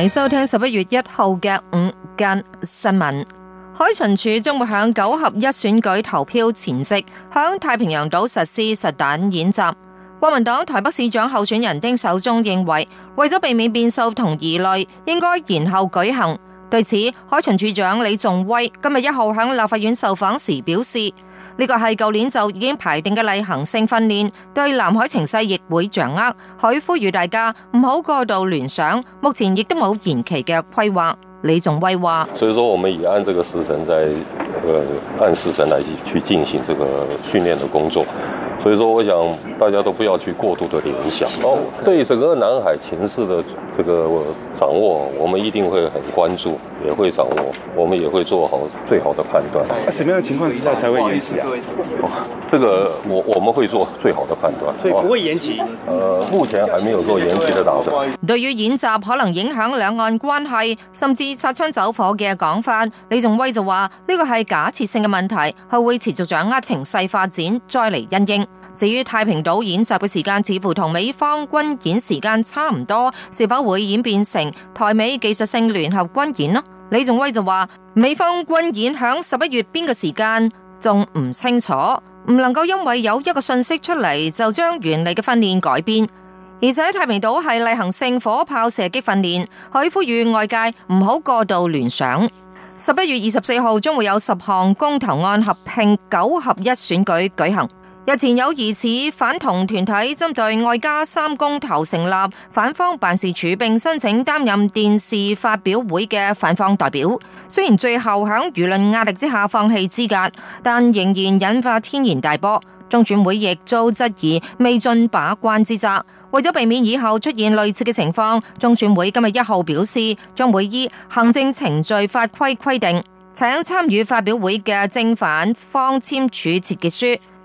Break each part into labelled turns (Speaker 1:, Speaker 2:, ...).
Speaker 1: 你收聽十一月一號嘅午間新聞，海巡署將會響九合一選舉投票前夕，響太平島實施實彈演習。國民黨台北市長候選人丁守中認為，為咗避免變數同疑慮，應該延後舉行。對此，海巡署長李仲威今日一號喺立法院受訪時表示：呢個係舊年就已經排定嘅例行性訓練，對南海情勢亦會掌握。佢呼籲大家唔好過度聯想，目前亦都冇延期嘅規劃。李仲威話：所以說我們已按這個時辰在，呃，按時辰來去去進行這個訓練的工作。所以說，我想大家都不要去過度的聯想哦，對整個南海情勢的。這個我掌握，我們一定會很關注，也會掌握，我們也會做好最好的判斷。什麼樣的情況之下才會延期啊？這個我我們會做最好的判斷，所以不會延期。呃，目前還沒有做延期的打算。對於演習可能影響兩岸關係，甚至擦槍走火嘅講法，李仲威就話呢個係假設性嘅問題，係會持續掌握情勢發展，再嚟因應。至於太平島演習嘅時間似乎同美方軍演時間差唔多，是否會演變成台美技術性聯合軍演呢？李仲威就話，美方軍演響十一月邊個時間仲唔清楚，唔能夠因為有一個信息出嚟就將原嚟嘅訓練改變。而且太平島係例行性火炮射擊訓練，佢呼籲外界唔好過度聯想。十一月二十四號將會有十項公投案合併九合一選舉舉行。日前有疑似反同團體針對外加三公投成立反方辦事處，並申請擔任電視發表會嘅反方代表。雖然最後喺輿論壓力之下放棄資格，但仍然引發天然大波。中選會亦遭質疑未盡把關之責。為咗避免以後出現類似嘅情況，中選會今日一號表示，將會依行政程序法規規定，請參與發表會嘅正反方簽署切結書。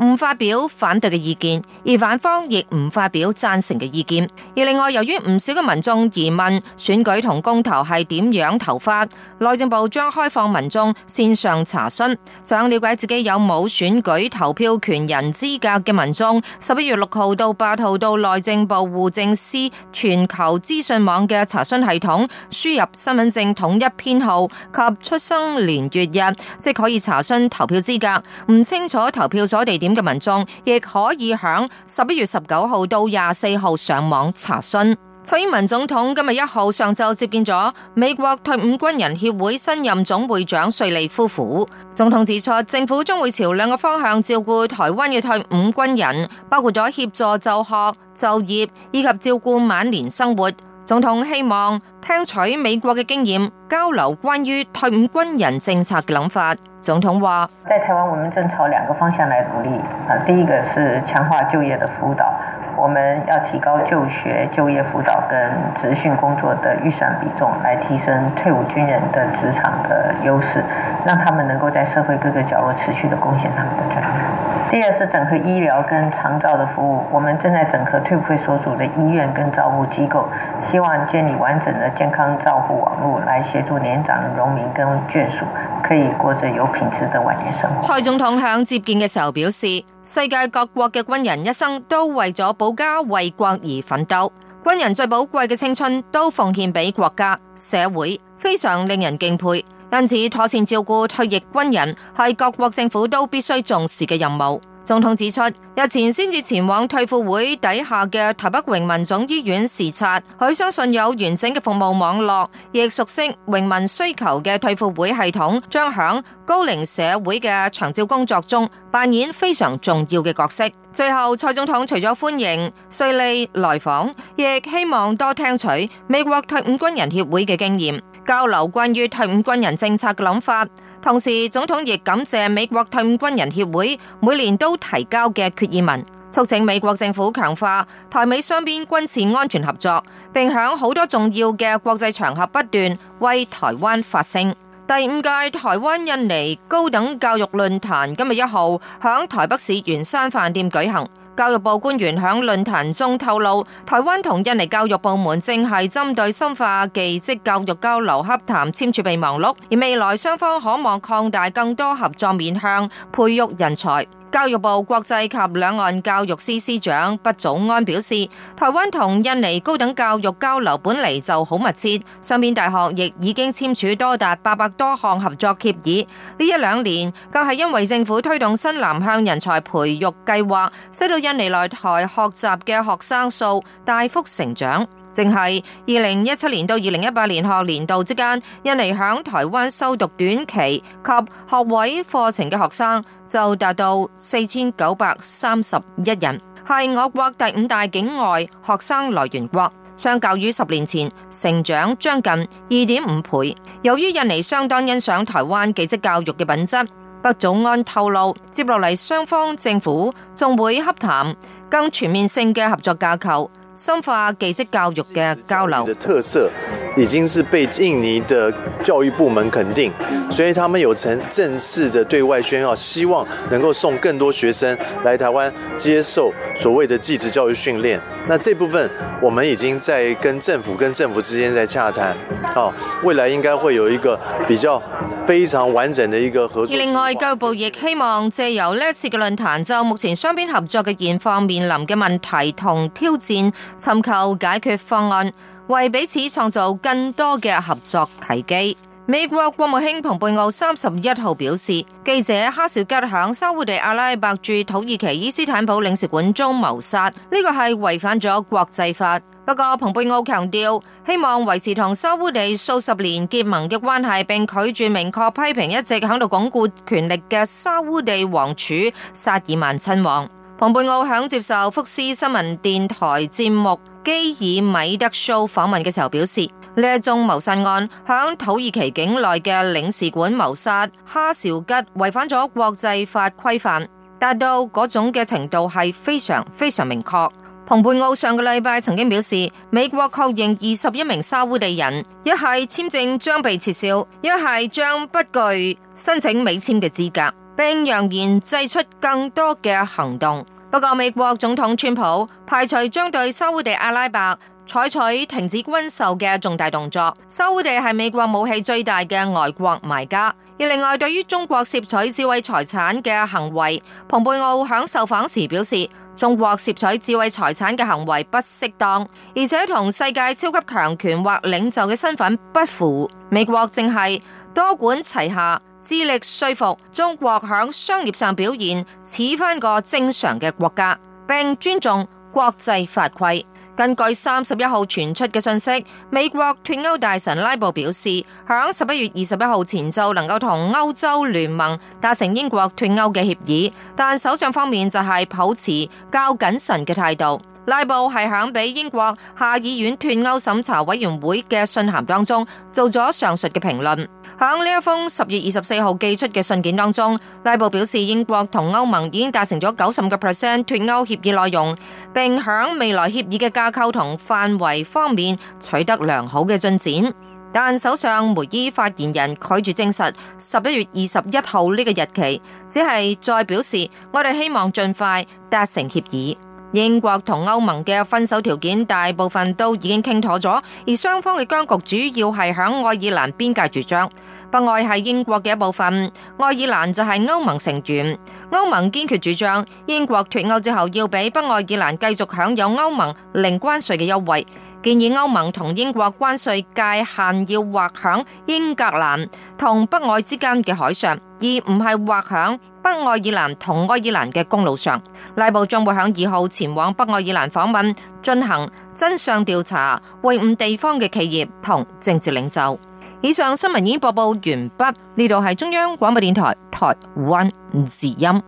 Speaker 1: 唔發表反對嘅意見，而反方亦唔發表贊成嘅意見。而另外，由於唔少嘅民眾疑問選舉同公投係點樣投法，內政部將開放民眾線上查詢，想了解自己有冇選舉投票權人資格嘅民眾，十一月六號到八號到內政部戶政司全球資訊網嘅查詢系統，輸入身份證統一編號及出生年月日，即可以查詢投票資格。唔清楚投票所地點嘅民眾亦可以響十一月十九號到廿四號上網查詢。蔡英文總統今日一號上晝接見咗美國退伍軍人協會新任總會長瑞利夫婦。總統指出，政府將會朝兩個方向照顧台灣嘅退伍軍人，包括咗協助就學、就業以及照顧晚年生活。總統希望聽取美國嘅經驗，交流關於退伍軍人政策嘅諗法。總統話：在台灣，我們正朝兩個方向來努力。啊，第一個是強化就業的輔導，我們要提高就學、就業輔導跟職訓工作的預算比重，來提升退伍軍人的職場的優勢，讓他們能夠在社會各個角落持續地貢獻他們的專業。第二是整合醫療跟長照的服務，我們正在整合退伍所屬的醫院跟照顧機構，希望建立完整的健康照顧網絡，來協助年長的農民跟眷屬，可以過着有品質的晚年生活。蔡總統向接見嘅時候表示，世界各國嘅軍人一生都為咗保家衛國而奮鬥，軍人最寶貴嘅青春都奉獻俾國家社會，非常令人敬佩。因此，妥善照顧退役軍人係各國政府都必須重視嘅任務。總統指出，日前先至前往退輔會底下嘅台北榮民總醫院視察，佢相信有完整嘅服務網絡，亦熟悉榮民需求嘅退輔會系統，將響高齡社會嘅長照工作中扮演非常重要嘅角色。最後，蔡總統除咗歡迎瑞利來訪，亦希望多聽取美國退伍軍人協會嘅經驗。交流關於退伍軍人政策嘅諗法，同時總統亦感謝美國退伍軍人協會每年都提交嘅決議文，促請美國政府強化台美雙邊軍事安全合作，並響好多重要嘅國際場合不斷為台灣發聲。第五屆台灣印尼高等教育論壇今日一號響台北市圓山飯店舉行。教育部官員響論壇中透露，台灣同印尼教育部門正係針對深化技職教育交流洽談簽署備忘錄，而未來雙方可望擴大更多合作面向培育人才。教育部國際及兩岸教育司司長畢祖安表示，台灣同印尼高等教育交流本嚟就好密切，雙邊大學亦已經簽署多達八百多項合作協議。呢一兩年更係因為政府推動新南向人才培育計劃，使到印尼來台學習嘅學生數大幅成長。正係二零一七年到二零一八年學年度之間，印尼響台灣修讀短期及學位課程嘅學生就達到四千九百三十一人，係我國第五大境外學生來源國，相較於十年前成長將近二點五倍。由於印尼相當欣賞台灣技職教育嘅品質，北祖安透露，接落嚟雙方政府仲會洽談更全面性嘅合作架構。深化技職教育嘅交流嘅特色已經是被印尼的教育部門肯定，所以他們有成正式的對外宣告，希望能夠送更多學生來台灣接受所謂的技職教育訓練。那這部分我們已經在跟政府跟政府之間在洽談。啊，未來應該會有一個比較非常完整的一個合作。另外，教育部亦希望借由呢次嘅論壇，就目前雙邊合作嘅現況面臨嘅問題同挑戰。尋求解決方案，為彼此創造更多嘅合作契機。美國國務卿蓬佩奧三十一號表示，記者哈紹吉響沙烏地阿拉伯駐土耳其伊斯坦堡領事館中謀殺，呢個係違反咗國際法。不過，蓬佩奧強調，希望維持同沙烏地數十年結盟嘅關係，並拒絕明確批評一直響度鞏固權力嘅沙烏地王儲薩爾曼親王。蓬佩奧響接受福斯新聞電台節目基爾米德 show 訪問嘅時候表示，呢一宗謀殺案響土耳其境內嘅領事館謀殺哈紹吉，違反咗國際法規範，達到嗰種嘅程度係非常非常明確。蓬佩奧上個禮拜曾經表示，美國確認二十一名沙烏地人，一係簽證將被撤銷，一係將不具申請美簽嘅資格，並揚言祭出更多嘅行動。不過美國總統川普排除將對沙烏地阿拉伯採取停止軍售嘅重大動作。沙烏地係美國武器最大嘅外國買家。而另外，對於中國竊取智慧財產嘅行為，蓬佩奧喺受訪時表示，中國竊取智慧財產嘅行為不適當，而且同世界超級強權或領袖嘅身份不符。美國正係多管齊下。致力說服中國響商業上表現似翻個正常嘅國家，並尊重國際法規。根據三十一號傳出嘅信息，美國脫歐大臣拉布表示，響十一月二十一號前就能夠同歐洲聯盟達成英國脫歐嘅協議，但首相方面就係抱持較謹慎嘅態度。拉布係喺俾英國下議院脱歐審查委員會嘅信函當中做咗上述嘅評論。喺呢一封十月二十四號寄出嘅信件當中，拉布表示英國同歐盟已經達成咗九十五個 percent 脱歐協議內容，並響未來協議嘅架構同範圍方面取得良好嘅進展。但首相梅伊發言人拒絕證實十一月二十一號呢個日期，只係再表示我哋希望盡快達成協議。英國同歐盟嘅分手條件大部分都已經傾妥咗，而雙方嘅僵局主要係響愛爾蘭邊界主張。北愛係英國嘅一部分，愛爾蘭就係歐盟成員。歐盟堅決主張，英國脫歐之後要俾北愛爾蘭繼續享有歐盟零關稅嘅優惠。建議歐盟同英國關稅界限要劃響英格蘭同北愛之間嘅海上，而唔係劃響北愛爾蘭同愛爾蘭嘅公路上。拉布將會響二號前往北愛爾蘭訪問，進行真相調查，會晤地方嘅企業同政治領袖。以上新聞已經播報完畢，呢度係中央廣播電台台灣之音。